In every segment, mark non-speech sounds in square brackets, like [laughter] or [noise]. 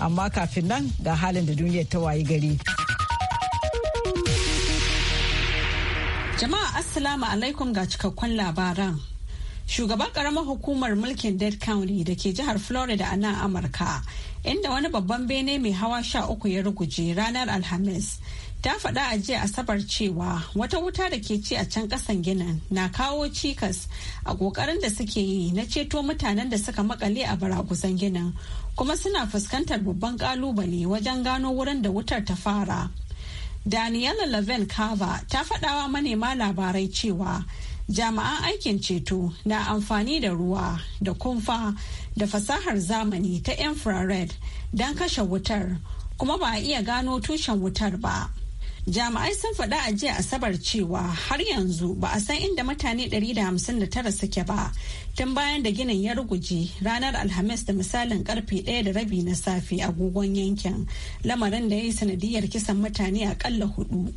amma kafin nan ga halin da duniyar ta wayi gari. Jama'a Assalamu alaikum ga cikakkun labaran. Shugaban karamar hukumar mulkin Dead County da ke jihar Florida a nan Amurka, inda wani babban bene mai hawa sha uku ya ruguje ranar Alhamis, ta faɗa a jiya asabar cewa wata wuta da ke ci a can ƙasan ginin na kawo cikas a ƙoƙarin da suke yi na ceto mutanen da suka makale a baragusan ginin kuma suna fuskantar babban ƙalubale wajen gano wurin da wutar ta fara daniela laven kava ta faɗawa manema labarai cewa jami'an aikin ceto na amfani da ruwa da kumfa da fasahar zamani ta infrared don kashe wutar kuma ba a iya gano tushen wutar ba. Jami'ai sun faɗa a jiya Asabar cewa har yanzu ba a san inda mutane 159 suke ba tun bayan da ginin ya ruguje ranar Alhamis da misalin karfe 1 da rabi na safe agogon yankin lamarin da ya yi sanadiyar kisan mutane akalla hudu.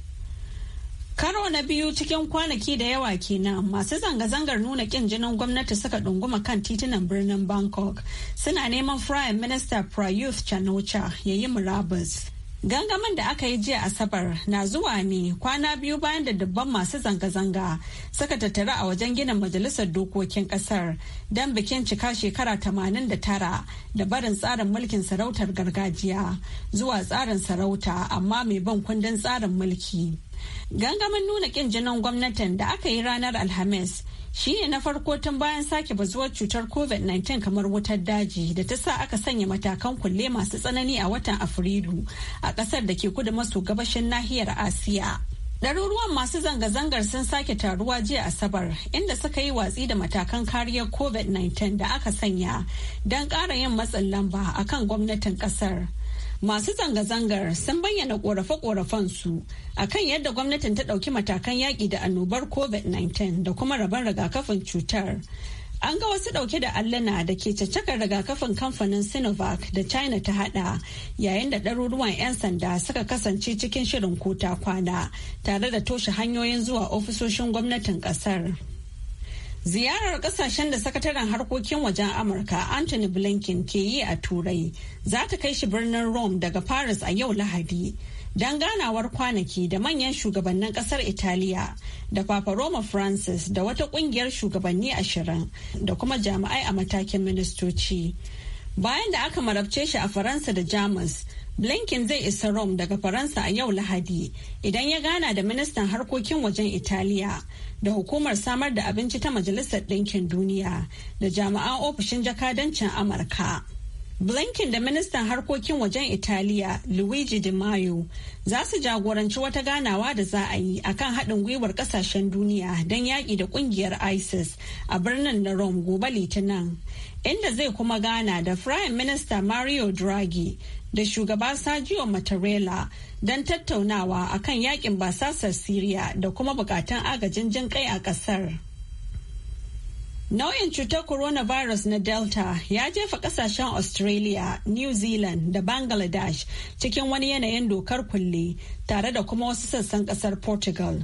Karo na biyu cikin kwanaki da yawa kenan masu zanga-zangar nuna kin jinin gwamnati suka ɗunguma kan titunan birnin Bangkok suna neman Prime Minister Prayuth Chanocha ya yi murabus. Gangamin da aka yi jiya Asabar na zuwa ne kwana biyu bayan da dubban masu zanga-zanga suka tattara a wajen gina Majalisar Dokokin Kasar don bikin cika shekara tamanin da tara da barin tsarin mulkin sarautar gargajiya zuwa tsarin sarauta amma mai ban kundin tsarin mulki. Gangamin nuna kin jinin gwamnatin da aka yi ranar Alhamis Shi ne na farko tun bayan sake bazuwar cutar covid-19 kamar wutar daji da ta sa aka sanya matakan kulle masu tsanani a watan afrilu a kasar da ke kudu maso gabashin nahiyar asiya Ɗaruruwan masu zanga-zangar sun sake taruwa jiya Asabar inda suka yi watsi da matakan kariyar COVID-19 da aka sanya don ƙara yin matsin lamba akan gwamnatin ƙasar. Masu zanga-zangar sun bayyana korafe-korafen su akan yadda gwamnatin ta ɗauki matakan yaƙi da annobar COVID-19 da kuma rabon rigakafin cutar. An ga wasu ɗauke da allana da ke caccakar rigakafin kamfanin Sinovac da China ta hada yayin da ɗaruruwan 'yan sanda suka kasance cikin shirin kota kwana tare da toshe hanyoyin zuwa ofisoshin gwamnatin ƙasar. Ziyarar kasashen da sakataren harkokin wajen Amurka Anthony Blinken ke yi a Turai za ta kai shi birnin Rome daga Paris a yau Lahadi don ganawar kwanaki da manyan shugabannin kasar Italiya da Papa Roma Francis da wata kungiyar shugabanni ashirin da kuma jami'ai a matakin ministoci. Bayan da aka marabce shi a Faransa da Jamus, Blinken zai isa Rome daga Faransa a yau Lahadi idan ya gana da ministan harkokin wajen Italiya da hukumar samar da abinci ta Majalisar Ɗinkin Duniya da jami'an ofishin jakadancin Amurka. Blinken da ministan harkokin wajen Italiya Luigi Di Maio za su jagoranci wata ganawa da za a yi akan haɗin gwiwar ƙasashen duniya don yaƙi da ƙungiyar ISIS a birnin na Rome gobe Litinin, inda zai kuma gana da Prime Minister Mario Draghi da shugaba Sergio Mattarella don tattaunawa akan yaƙin basasar Siriya da kuma buƙatan agajin jin kai a ƙasar. Nau'in cutar coronavirus na Delta ya jefa kasashen Australia, New Zealand da Bangladesh cikin wani yanayin dokar kulle tare da kuma wasu sassan kasar Portugal.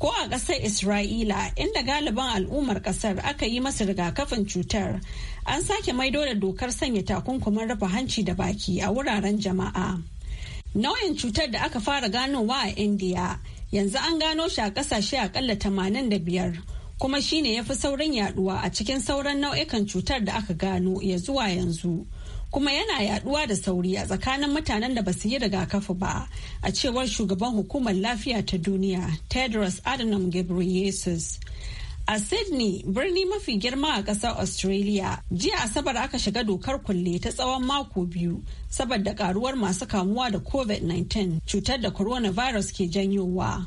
Ko a ƙasar Isra'ila inda galiban al'ummar ƙasar aka yi masa rigakafin cutar, an sake maido da dokar sanya takunkumin rufe hanci da baki a wuraren jama'a. Nau'in cutar da aka fara ganowa a India yanzu an gano shi a ƙasashe akalla 85. kuma shine ya fi saurin yaduwa a cikin sauran nau'ikan cutar da aka gano ya zuwa yanzu kuma yana yaduwa da sauri a tsakanin mutanen da ba su yi rigakafi ba a cewar shugaban hukumar lafiya ta duniya tedros adhanom ghebreyesus a sydney birni mafi girma a ƙasar australia jiya asabar aka shiga dokar kulle ta tsawon mako biyu saboda karuwar masu kamuwa da covid-19 cutar da coronavirus ke janyowa.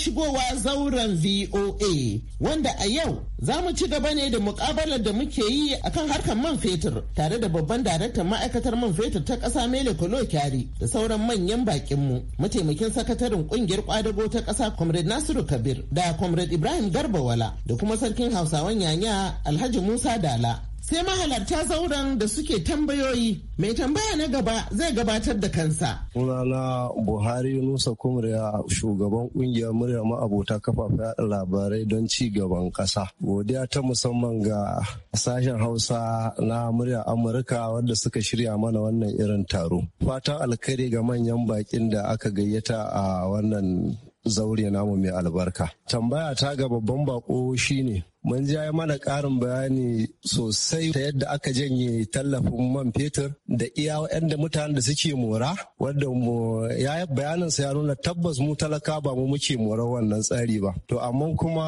shigowa zauren VOA wanda a yau za mu ci gaba ne da mukabalar da muke yi akan harkar man fetur tare da babban daraktan ma'aikatar man fetur ta ƙasa Mele Kolo da sauran manyan bakinmu mataimakin sakataren kungiyar kwadago ta ƙasa Comrade Nasiru Kabir da Comrade Ibrahim Garbawala da kuma sarkin Hausawan Yanya Alhaji Musa Dala sai mahalarta zauren da suke tambayoyi mai tambaya na gaba zai gabatar da kansa. Sunana Buhari Nusa Kumriya shugaban kungiyar murya ma'abota kafafen yaɗa labarai don ci gaban ƙasa. Godiya ta musamman ga sashen Hausa na murya Amurka wanda suka shirya mana wannan irin taro. Fatan alkhairi ga manyan baƙin da aka gayyata a wannan zaure namu mai albarka. Tambaya ta ga babban bako shine mun ja mana ƙarin bayani sosai ta yadda aka janye tallafin man fetur da iya da mutanen da suke mora wadda mu ya bayanin sa ya nuna tabbas mu talaka ba mu muke mora wannan tsari ba to amma kuma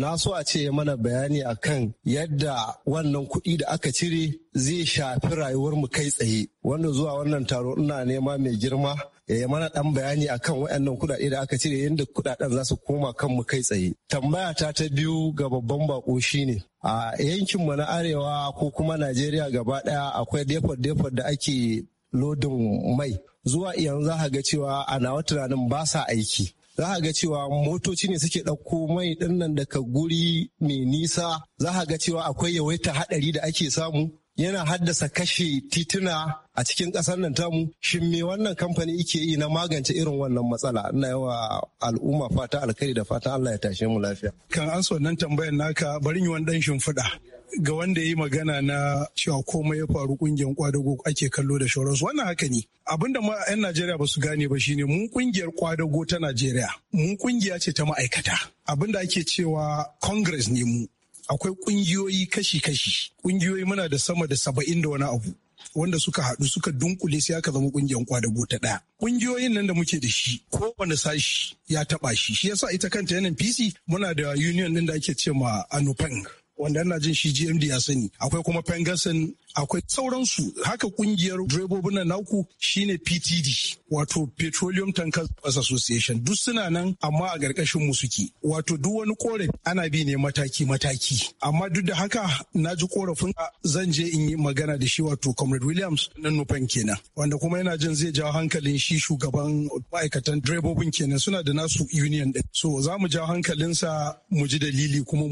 na so a ce mana bayani akan yadda wannan kuɗi da aka cire zai shafi rayuwar mu kai tsaye wanda zuwa wannan taro ina nema mai girma ya mana ɗan bayani akan waɗannan kuɗaɗe da aka cire yadda kuɗaɗen za su koma kan mu kai tsaye tambaya ta ta biyu ga babban bako shi ne a yankin mu na arewa ko kuma najeriya gaba daya akwai depot depot da ake lodin mai zuwa iyan za ga cewa a nawa tunanin ba sa aiki za a ga cewa motoci ne suke ɗauko mai ɗinnan daga guri mai nisa za a ga cewa akwai yawaita haɗari da ake samu yana haddasa kashe tituna a cikin ƙasar nan tamu shin me wannan kamfani ike yi na magance irin wannan matsala ina yawa al'umma fata alkhairi da fata Allah ya tashe mu lafiya kan an wannan tambayar naka bari yi wani dan shimfiɗa ga wanda ya yi magana na cewa komai ya faru kungiyar kwadago ake kallo da shauransu wannan haka ne abinda ma 'yan najeriya ba su gane ba shine mun kungiyar kwadago ta najeriya mun kungiya ce ta ma'aikata abinda ake cewa congress ne mu akwai ƙungiyoyi kashi-kashi ƙungiyoyi muna da sama da saba'in da wani abu wanda suka haɗu suka dunkule sai aka zama ƙungiyar kwadago ta ɗaya. Ƙungiyoyin nan da muke da shi kowane sashi ya taɓa shi shi yasa ita kanta pc muna da union ɗin da ake ce ma Anupeng wanda ana jin shi GMD ya sani akwai kuma Pengasin akwai sauransu haka kungiyar direbobin na nauku shine PTD wato Petroleum Tankers Association duk suna nan amma a ƙarƙashin mu suke wato duk wani korafi ana bi ne mataki mataki amma duk da haka na ji korafin zan je in yi magana da shi wato Comrade Williams Nan nufan kenan wanda kuma yana jin zai jawo hankalin shi shugaban ma'aikatan direbobin kenan suna da nasu union din so za mu jawo hankalin sa mu ji dalili kuma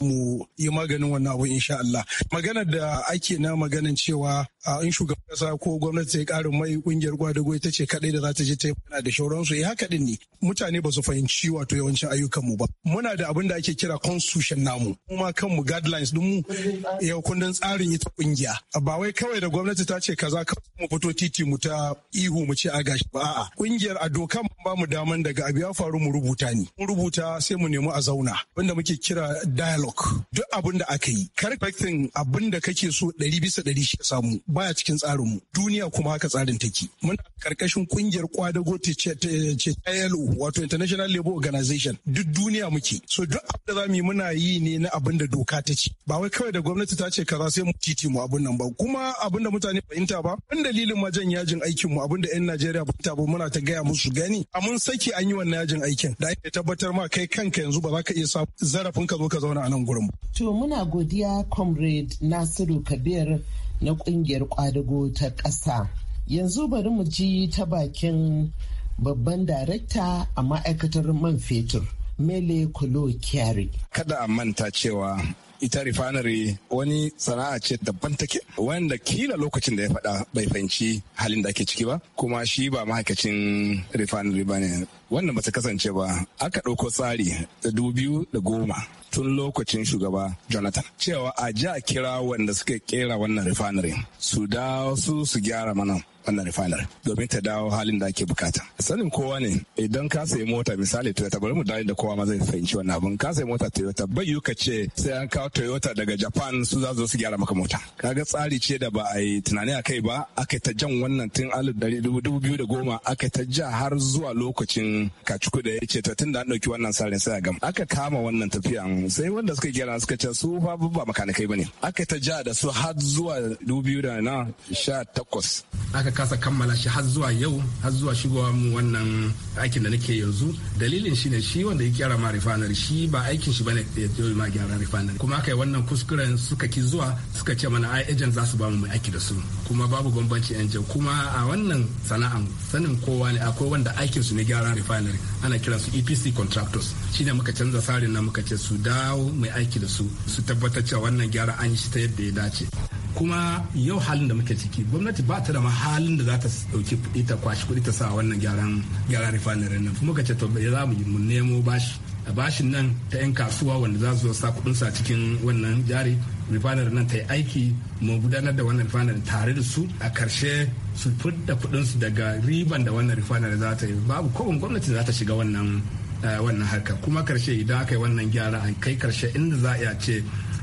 mu yi maganin wannan abu insha Allah maganar da ake na ganin cewa a in shugaban kasa ko gwamnati ya karin mai kungiyar gwadago ita ce kadai da za ta je ta yi da shauransu eh haka din ne mutane ba su fahimci wato yawancin ayyukan mu ba muna da abin da ake kira constitution namu kuma kanmu guidelines din mu yau eh, kundin tsarin ita kungiya ba wai kawai da gwamnati ta ce kaza ka mu fito titi mu ta ihu mu ce a gashi ba a'a kungiyar a dokan ba mu daman daga abu ya faru mu rubuta ni mu rubuta sai mu nemi a zauna abinda muke kira dialogue duk abin da aka yi kar abin da kake so ɗari bisa ɗari shi samu baya cikin tsarinmu duniya kuma haka tsarin take muna karkashin kungiyar kwadago ce ta ILO wato International Labour Organization duk duniya muke so duk abin da zamu yi muna yi ne na abin da doka ta ce ba wai kawai da gwamnati ta ce kaza sai mu titi mu abin nan ba kuma abin da mutane fahimta ba wani dalilin ma jan yajin aikin mu abin da yan Najeriya fahimta ba muna ta gaya musu gani a mun saki an yi wannan yajin aikin da ake tabbatar ma kai kanka yanzu ba za ka iya sa zarafin ka zo ka zauna a nan gurin ba to muna godiya comrade Nasiru Kabir na kungiyar kwadago ta ƙasa. Yanzu bari mu ji ta bakin babban darekta a ma'aikatar man fetur. Mele Kolo Kyari. Kada a manta cewa ita refinery wani sana'a ce daban take wanda kila lokacin da ya faɗa bai fahimci halin da ake ciki ba kuma shi ba mahaikacin refinery ba ne wannan ba ta kasance ba aka ɗauko tsari da dubu da goma tun lokacin shugaba jonathan cewa a ja kira wanda suka kera wannan refinery su dawo su su gyara mana wannan refiner domin ta dawo halin da ake bukata sanin kowa ne idan ka sayi mota misali toyota bari mu dani da kowa ma zai fahimci wannan abun ka sayi mota toyota bai yi ka ce sai an kawo toyota daga japan su za su gyara maka mota kaga tsari ce da ba a yi tunani a kai ba aka ta jan wannan tun alif dubu biyu da goma aka ta ja har zuwa lokacin kacuku da ya ce to tun da an ɗauki wannan sare sai a gama aka kama wannan tafiyan sai wanda suka gyara suka ce su fa ba makanikai ba ne aka ta ja da su har zuwa dubu biyu da na sha takwas aka kasa kammala shi har zuwa yau har zuwa shigowa mu wannan aikin da nake yanzu dalilin shine shi wanda ya gyara ma refinery shi ba aikin shi bane ya yi ma gyara refinery kuma aka yi wannan kuskuren suka ki zuwa suka ce mana ai agent za su ba mu mai aiki da su kuma babu bambanci agent kuma a wannan sana'an sanin kowa ne akwai wanda aikin su ne gyara refinery ana su EPC contractors shine muka canza tsarin na muka ce su dawo mai aiki da su su tabbatar cewa wannan gyara an yi shi ta yadda ya dace kuma yau halin da muke ciki gwamnati ba ta da mahalin halin da za ta dauki kuɗi ta kwashi kuɗi ta sa wannan gyaran gyaran refinery nan kuma ka ce to za mu mu nemo bashi a bashin nan ta 'yan kasuwa wanda za su sa kuɗin sa cikin wannan jari refinery nan ta yi aiki mu gudanar da wannan refinery tare da su a karshe su fudda kuɗin su daga riban da wannan refinery za ta yi babu kowane gwamnati za ta shiga wannan eh, wannan harka kuma karshe idan aka yi wannan gyara a kai karshe inda za a iya ce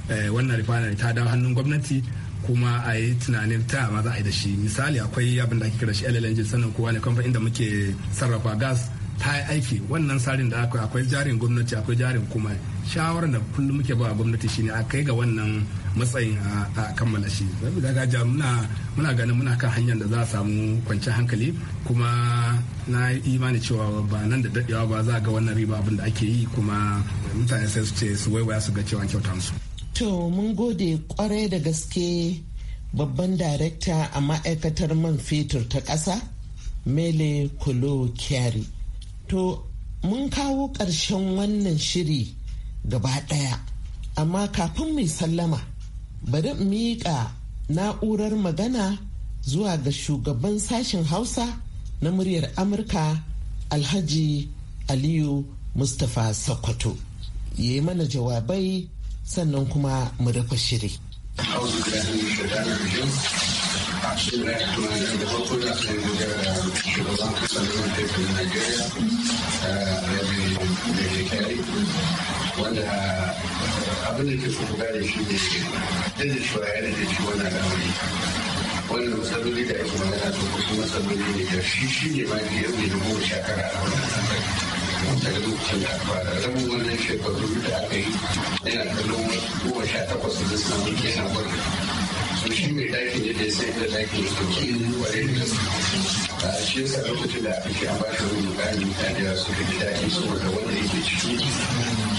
eh, wannan refinery ta dawo hannun gwamnati kuma a yi tunanin ta ma za a yi da shi misali akwai abin da ake kira shi LLNG sanin kowa ne kamfanin da muke sarrafa gas ta yi aiki wannan tsarin da akwai akwai jarin gwamnati akwai jarin kuma shawarar da kullum muke ba gwamnati shine a kai ga wannan matsayin a kammala shi saboda ja muna muna ganin muna kan hanyar da za a samu kwanciyar hankali kuma na imani cewa ba nan da daɗewa ba za a ga wannan riba abin da ake yi kuma mutane sai su ce su waiwaya su ga cewa kyauta musu To mun gode kwarai da gaske babban darekta a ma'aikatar man fetur ta ƙasa Mele Kulo Kyari. To mun kawo ƙarshen wannan shiri gaba ɗaya, amma kafin mai sallama bari miƙa na'urar magana zuwa ga shugaban sashen Hausa na muryar Amurka Alhaji Aliyu Mustapha Sokoto. Ya yi mana jawabai sannan kuma mu dafa shiri. wanda abin da ke kuma shi ne da yana da shi wannan da ake magana su kusa matsaloli da shi shi ne ma biyar ne da goma sha a wannan daga lokacin da aka fara rabin wannan shekaru da aka yi yana kallon goma sha takwas da samun yana barin to shi mai dakin yadda ya sai da dakin ya ɗauki ilimin ware da gaske a shi yasa lokacin da aka ce an ba shi wani mukami mutane da su ji daɗi da wanda yake ciki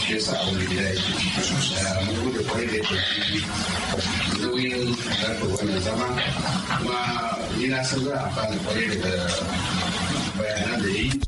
shi yasa a wani gida yake mun gode kwarai da yake nauyin zarta wannan zama kuma ni na san za a fara kwarai daga bayanan da ya yi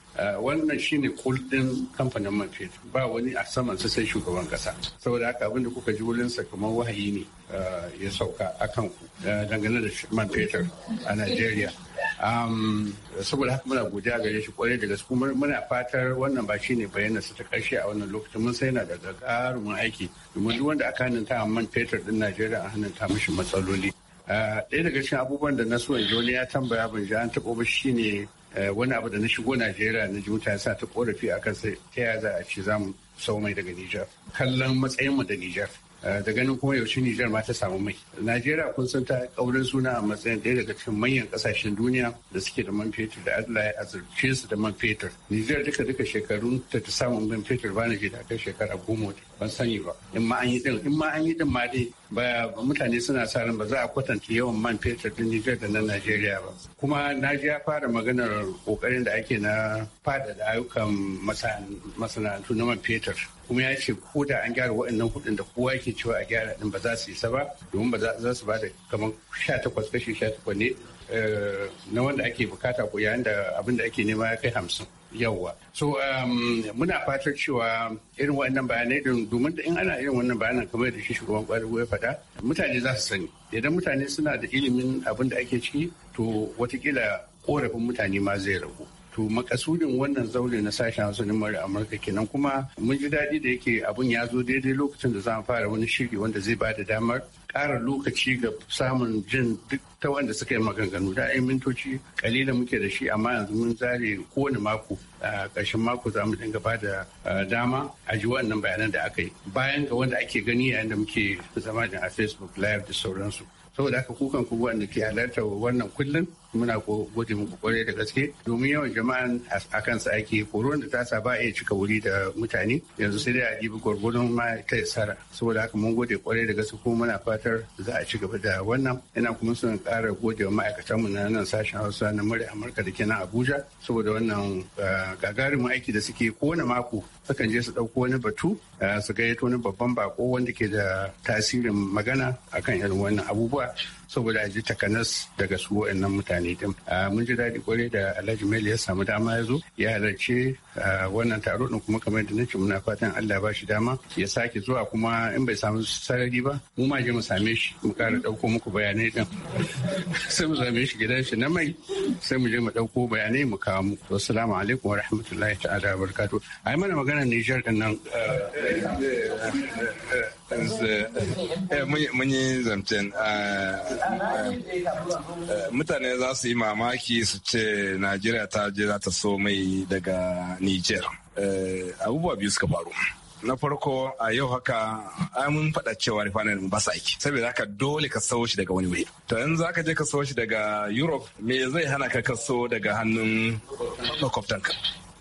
Eh, wannan shine kuldin kamfanin man fetur ba wani a saman su sai shugaban kasa saboda haka abin da kuka ji wurin kamar wahayi ne eh, ya sauka akan ku eh, dangane da man fetur a Najeriya saboda haka muna godiya gare shi kwarai da gaske muna fatar wannan ba shine bayanan su ta karshe a wannan lokacin mun sai na da gagarumin aiki domin duk wanda aka hannunta man fetur din Najeriya a hannunta mishi matsaloli Daya daga cikin abubuwan da na so in wani ya tambaya ban ji an taɓa ba ne. Eh, wani abu da na shigo najeriya na ji mutane sa ta korafi a kan sai ta yaya za a ce za mu sau mai daga nijar kallon matsayin mu da nijar eh, da ganin kuma yaushe nijar ma ta samu mai najeriya kun san ta kaurin suna a matsayin ɗaya daga cikin manyan kasashen duniya da suke da man fetur da allah ya azurce su da man fetur nijar duka duka shekarun ta ta samun man fetur ba na ji da kai shekara goma ban sani ba in ma an yi din in ma an yi din ma dai ba mutane suna sa ran ba za a kwatanta yawan man fetur din Nijar da na Najeriya ba kuma na ji ya fara maganar kokarin da ake na fada da ayyukan masana'antu na man fetur kuma ya ce ko da an gyara waɗannan kuɗin da kowa yake cewa a gyara din ba za su isa ba domin ba za su ba da kamar 18 kashi 18 ne eh, na wanda ake bukata ko yayin da abin da ake nema ya kai hamsin yawwa so um, muna fatar cewa irin wannan bayanai din domin da in ana irin wannan bayanan kamar da shi shugaban kwari ya faɗa mutane za su sani idan mutane suna da ilimin abin da ake ciki to watakila korafin mutane ma zai ragu to makasudin wannan zaure na sashen hausa na mara amurka kenan kuma mun ji daɗi da yake abun ya zo daidai lokacin da za mu fara wani shiri wanda zai ba da damar kara lokaci ga samun jin duk ta wanda suka yi maganganu da ayi mintoci kalilan muke da shi amma yanzu mun zare kowane mako a ƙarshen mako za mu dinga ba da dama a ji wannan bayanan da aka yi bayan ga wanda ake gani yayin da muke zama a facebook live da sauransu saboda haka kukan ku wanda ke halarta wannan kullum muna gode muku kwarai da gaske domin yawan jama'an a kansa ake koron da tasa ba iya cika wuri da mutane yanzu sai dai a ɗibi gwargwadon ma ta isara saboda haka mun gode kwarai da gaske kuma muna fatar za a ci gaba da wannan ina kuma son ƙara gode wa mu na nan sashen hausa na murya amurka da ke nan abuja saboda wannan eh, gagarumin aiki da suke kowane mako sukan je su ɗauko wani batu eh, su gayyato wani babban bako wanda ke da tasirin magana akan irin wannan abubuwa saboda ji takanas daga su wa'annan mutane din eh, mun ji daɗi kwarai da alhaji mail ya samu dama ya zo ya halarci eh, wannan taro din kuma kamar da nace muna fatan allah ba shi dama ya sake zuwa kuma in bai samu sarari ba mu ma je mu same shi mu ƙara ɗauko muku bayanai din [laughs] sai mu same shi gidan shi na mai sai mu je mu ɗauko bayanai mu kawo muku assalamu alaikum wa rahmatullahi ta'ala wa barakatuh ai mana magana maganar Nijar ɗin nan mun yi zamcen mutane za su yi mamaki su ce Najeriya ta je za ta so mai daga Nijar. Abubuwa biyu suka faru. na farko a yau haka mun faɗa cewa refinery ba sa aiki saboda haka dole ka sawo shi daga wani wuri to yanzu za ka je ka sawo shi daga europe me zai hana ka kaso daga hannun makwabtanka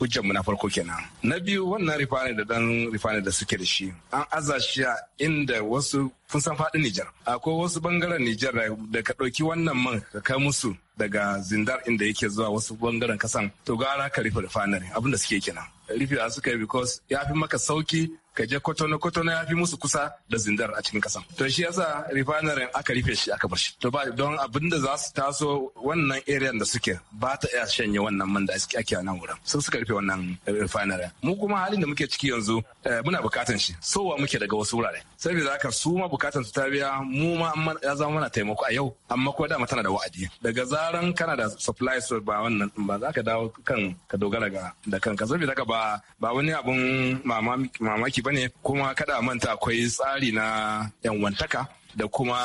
hujjar mu na farko kenan na biyu wannan rifani da dan rifani da suke da shi an aza shi a inda wasu kun san faɗi Nijar akwai wasu bangaren Nijar da ka ɗauki wannan man ka kai musu daga zindar inda yake zuwa wasu bangaren kasan to gara ka rufe refinery abinda suke kenan rufe suka yi because ya fi maka sauki ka je kwatana kotono ya fi musu kusa da zindar a cikin kasan to shi yasa refinery aka rufe shi aka bar shi to ba don abinda za su taso wannan area da suke ba ta iya shanye wannan man da ake a nan wurin su suka rufe wannan refinery mu kuma halin da muke ciki yanzu eh, muna bukatan shi sowa muke daga wasu wurare sai saboda haka su ma bukatan su ta biya mu ma ya zama mana taimako a yau amma ko da tana da wa'adi daga za. zaran kana da supply ba wannan ba za ka dawo kan ka dogara ga da kanka saboda ka ba ba wani abun mamaki bane kuma kada manta akwai tsari na 'yan wantaka da kuma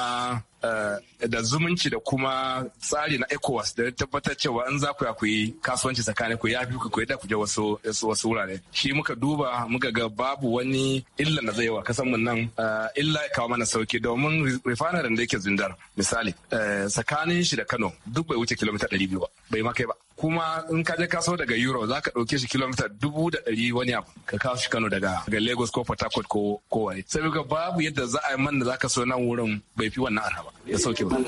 Eh, da zumunci da kuma tsari na ECOWAS da tabbatar cewa in za ku ya ku yi kasuwanci tsakanin ku ya fi ku da ku je wasu wasu wurare shi muka duba muka ga babu wani illa na zai wa kasan mun nan eh, illa ya kawo mana sauki domin refinery da yake zindar misali eh, tsakanin shi da Kano duk bai wuce kilomita 200 ba bai ma kai ba kuma in ka je kaso daga euro za ka ɗauke shi kilomita dubu da ɗari wani abu ka kawo shi kano daga lagos ko port harcourt ko wani sai ga babu yadda za a yi man da za ka so nan wurin bai fi wannan arha ba Ya sauke ba.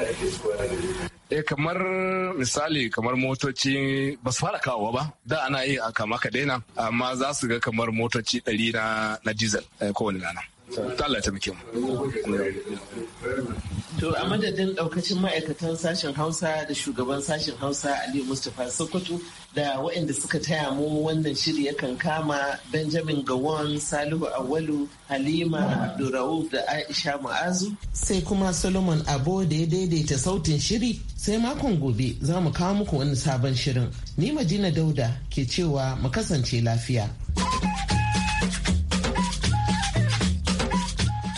Eh kamar misali kamar motoci ba su fara kawowa ba da ana yi a kama ka daina amma za su ga kamar motoci ɗari na diesel eh, kowane rana. Allah ta muke To a madadin daukacin ma'aikatan sashen Hausa da shugaban sashen Hausa Aliyu Mustapha Sokoto da waɗanda suka taya mu wannan shiri yakan kama Benjamin Gawon, Salihu Awalu, Halima Abdurrauf da Aisha Mu'azu. Sai kuma Solomon Abo da ya daidaita sautin shiri sai makon gobe za mu kawo muku wani sabon shirin. Ni Madina Dauda ke cewa mu kasance lafiya.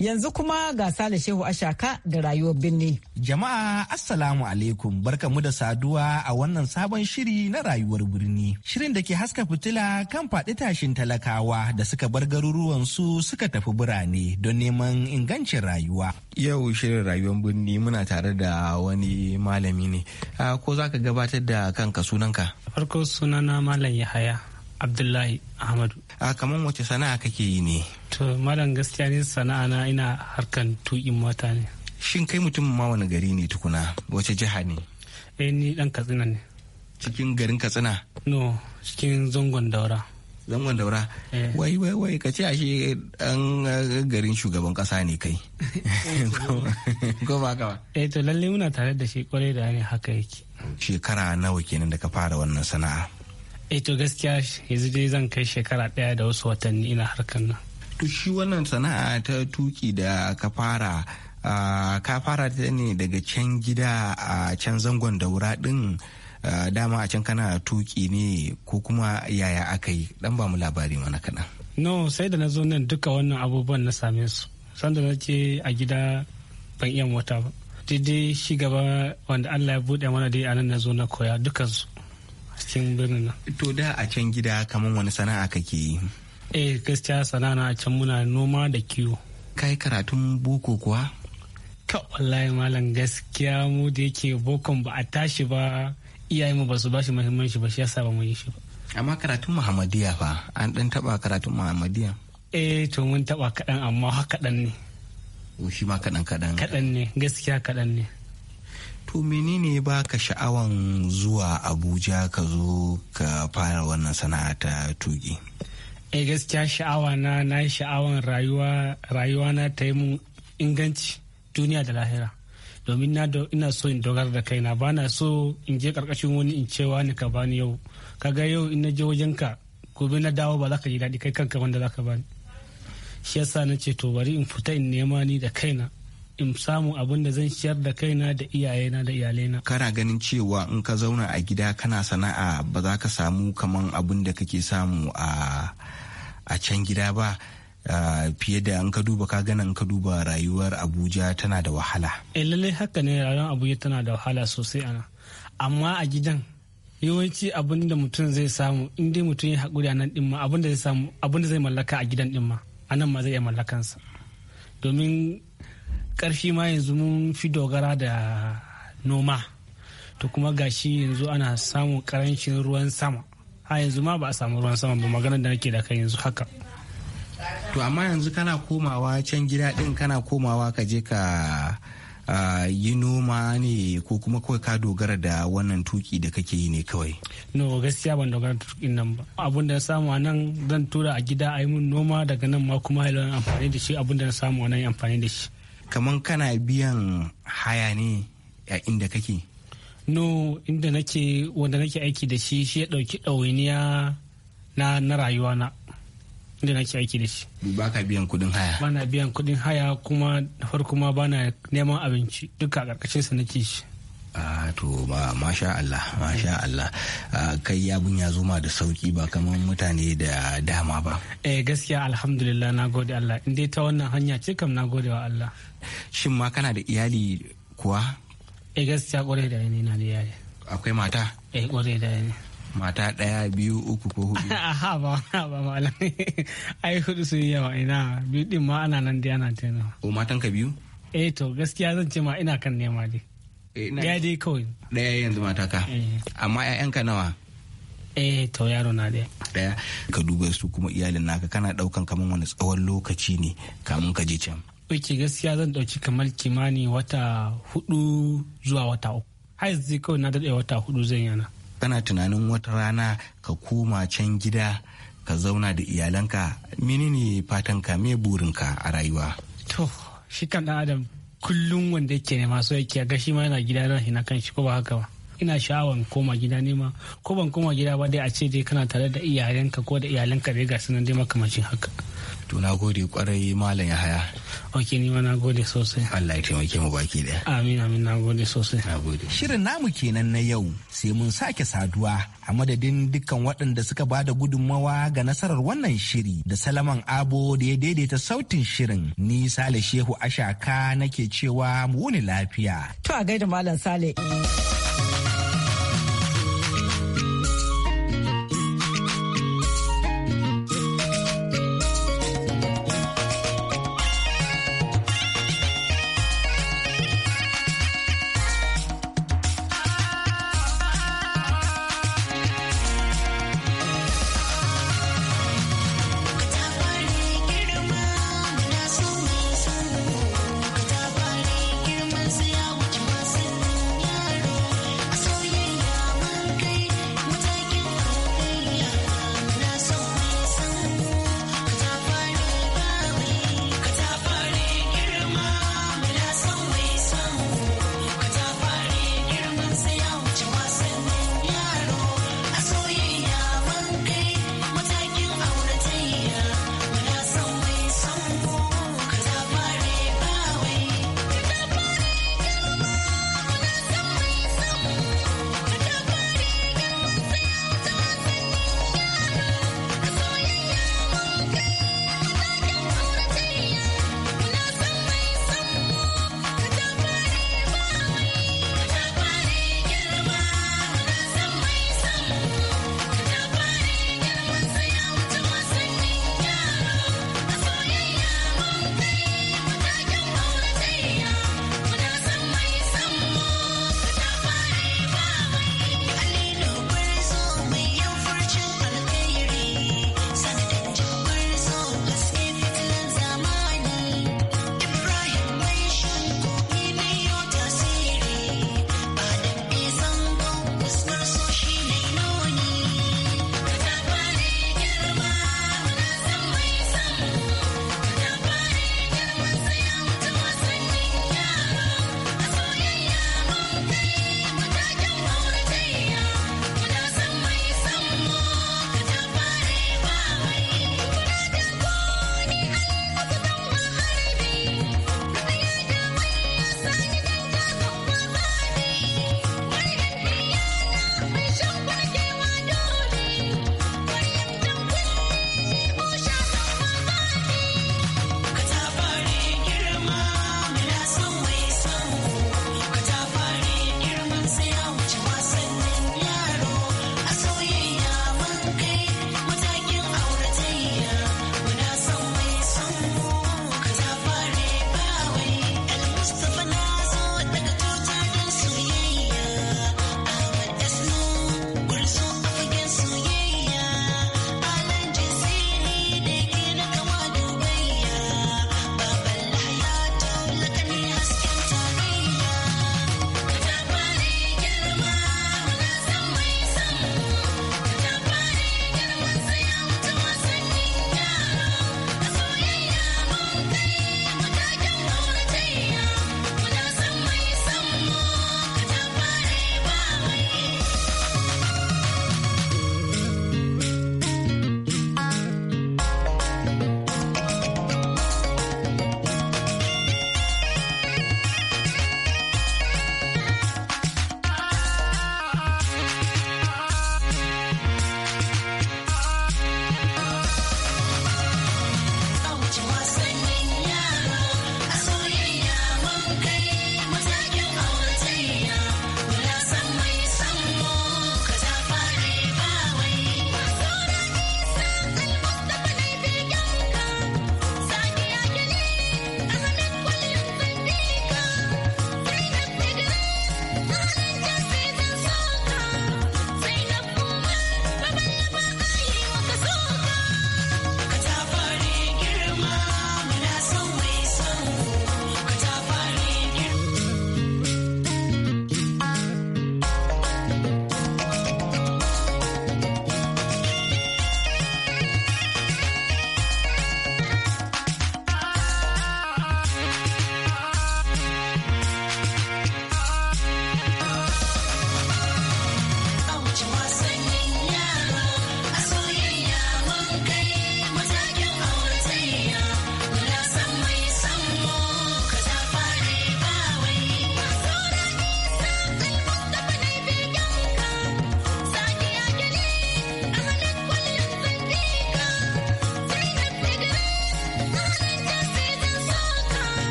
Yanzu kuma ga Sale Shehu Ashaka da rayuwar birni. Jama'a Assalamu alaikum barkamu da saduwa a wannan sabon shiri na rayuwar birni. Shirin da ke haska fitila kan faɗi tashin talakawa da suka bar garuruwan su suka tafi birane don neman ingancin rayuwa. Yau shirin rayuwar birni muna tare da wani malami ne. Ah, ko za ka gabatar da kanka sunanka? Farko sunana Malam Yahaya. Abdullahi Ahmadu. A kamar wace sana'a kake yi ne? To malam gaskiya ne sana'a na ina harkan tuƙin mota ne. Shin kai mutum ma wani gari ne tukuna wace jiha ne? Eh ni dan Katsina ne. Cikin garin Katsina? No, cikin zangon daura. Zangon daura? Eh. Wai wai wai ka ce ashe dan eh, garin shugaban kasa ne kai. [laughs] Ko ba ka ba? Eh to lalle muna tare da shi kwarai da ne haka yake. Shekara nawa kenan da ka fara wannan sana'a? eh to gaskiya yanzu dai zan kai shekara ɗaya da wasu watanni ina harkar nan to shi wannan sana'a ta tuki da ka fara ka fara ta ne daga can gida a can zangon daura din dama a can kana tuki ne ko kuma yaya aka yi dan ba mu labari mana kaɗan. no sai da na zo nan duka wannan abubuwan na same su sanda na ce a gida ban iya mota ba dai shi gaba wanda allah ya buɗe mana dai a nan na zo na koya dukansu cikin birnin nan to da a can gida kamar wani sana'a kake yi eh gaskiya sana'a a can muna noma da kiwo kai karatun boko kuwa ka wallahi malam gaskiya mu da yake bokon ba a tashi ba iyaye mu ba su bashi muhimmanci ba shi yasa ba mu yi shi ba amma karatun Muhammadiyya fa an dan taba karatun Muhammadiyya. eh to mun taba kadan amma haka dan ne oh, shi ma kadan kadan kadan ne gaskiya kadan ne to menene ba ka sha'awan zuwa abuja ka zo ka fara wannan sana'a ta tugi eh gaskiya sha'awa na na sha'awan rayuwa rayuwa na ta yi mun inganci duniya da lahira domin na ina so in dogar da kaina ba na so in je karkashin wani in cewa ni ka bani yau kaga yau in na je wajen ka gobe na dawo ba za ka ji daɗi kai kanka wanda za ka bani shi yasa na ce to bari in fita in nema ni da kaina in samu abin da zan shiyar da kaina da iyayena da iyalaina kana ganin cewa in ka zauna a gida kana sana'a ba za ka samu kaman abin da kake samu a can gida ba fiye da an ka duba gana an ka duba rayuwar abuja tana da wahala E lallai haka ne rayuwar abuja tana da wahala sosai ana amma a gidan yawanci abin da mutum zai samu in dai mutum ya haƙuri a nan abin da zai samu abin da zai mallaka a gidan ɗin ma a nan ma zai iya mallakansa domin karfi ma yanzu mun fi dogara da noma to kuma gashi yanzu ana samun karancin ruwan sama a yanzu ma ba a samu ruwan sama ba maganar da nake da kai yanzu haka to amma yanzu kana komawa can gida din kana komawa ka je ka Uh, yi noma ne ko kuma kawai ka dogara da wannan tuki da kake yi ne kawai no gaskiya ban dogara da tuki nan ba abin da samu a nan zan tura a gida a yi mun noma daga nan ma kuma yi amfani da shi abin da samu a nan amfani da shi kamar kana biyan haya ne a inda kake no inda nake wanda nake aiki da shi shi ya dauki ɗawainiya na na rayuwa na inda nake aiki da shi ba ka biyan kudin haya ba na biyan kudin haya kuma farko ma ba na neman abinci duka a ƙarƙashinsa sa nake shi a to ba masha Allah masha Allah kai abun ya zo ma da sauki ba kamar mutane da dama ba eh gaskiya alhamdulillah na gode Allah in dai ta wannan hanya ce kam na gode wa Allah shin ma kana da iyali kuwa eh gaskiya kwarai da ni na da iyali akwai mata eh kwarai da ni mata ɗaya biyu uku ko hudu [laughs] aha ba ba malam [laughs] ai hudu sun yawa ina biyu din ma ana nan dai ana tana o matan ka biyu eh to gaskiya zan ce ma ina kan nema dai Eh, daya dai kawai. yanzu mataka. Eh. Amma 'ya'yanka nawa? eh to yaro na daya daya ka duba su kuma iyalin naka kana ɗaukan kamar wani tsawon lokaci ne kamun ka je can oke gaskiya zan ɗauki kamar kimani wata hudu zuwa wata uku har zai kawai na daɗe wata hudu zan yana kana tunanin wata rana ka koma can gida ka zauna da iyalanka menene fatanka me burinka a rayuwa to shi kan adam kullum wanda yake nema so yake ga shi ma yana gida ran hina kan shi ko ba haka ba ina sha'awar koma gida nema ko ban koma gida ba dai a ce dai kana tare da iyalenka ko da iyalanka dai ga sunan dai makamancin haka to na gode kwarai malam haya ok ni ma na gode sosai allah ya taimake mu baki da amin amin na gode sosai na gode shirin namu kenan na yau sai mun sake saduwa a madadin dukkan waɗanda suka ba da gudunmawa ga nasarar wannan shiri da salaman abo da ya daidaita sautin shirin ni sale shehu ashaka nake cewa mu wuni lafiya to a gaida malam sale